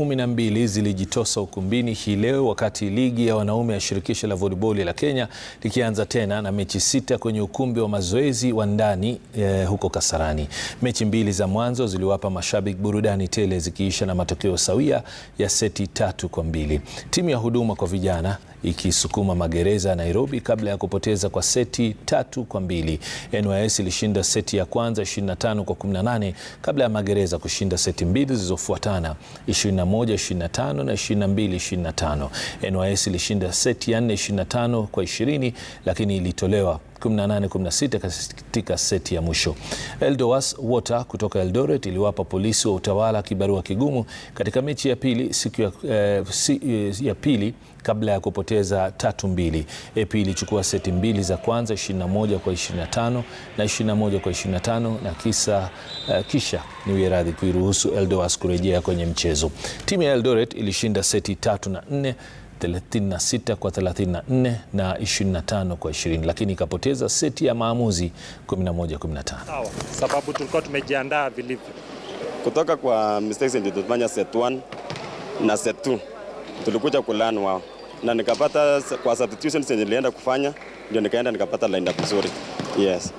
kumi na mbili zilijitosa ukumbini hii leo wakati ligi ya wanaume ya shirikisho la voliboli la Kenya likianza tena na mechi sita kwenye ukumbi wa mazoezi wa ndani eh, huko Kasarani. Mechi mbili za mwanzo ziliwapa mashabiki burudani tele zikiisha na matokeo sawia ya seti tatu kwa mbili. Timu ya huduma kwa vijana ikisukuma magereza ya Nairobi kabla ya kupoteza kwa seti tatu kwa mbili. NYS ilishinda seti ya kwanza 25 kwa 18 kabla ya magereza kushinda seti mbili zilizofuatana 21 25 na 22 25. NYS ilishinda seti ya 4 25 kwa 20 lakini ilitolewa 18 16 katika seti ya mwisho. Eldowas Water kutoka Eldoret iliwapa polisi wa utawala kibarua kigumu katika mechi ya pili siku ya, eh, si, eh, ya pili kabla ya kupoteza tatu mbili. AP e ilichukua seti mbili za kwanza 21 kwa 25 na 21 kwa 25 na kisa, uh, kisha ni radhi kuiruhusu Eldoas kurejea kwenye mchezo. Timu ya Eldoret ilishinda seti tatu na nne 36 kwa 34 na 25 kwa 20, lakini ikapoteza seti ya maamuzi 11 15. Sawa, sababu tulikuwa tumejiandaa vilivyo kutoka kwa mistakes ndio tulifanya set 1 na set 2 tulikuja kulan wao na nikapata kwa substitutions zenye nilienda kufanya ndio nikaenda nikapata up nzuri. Yes.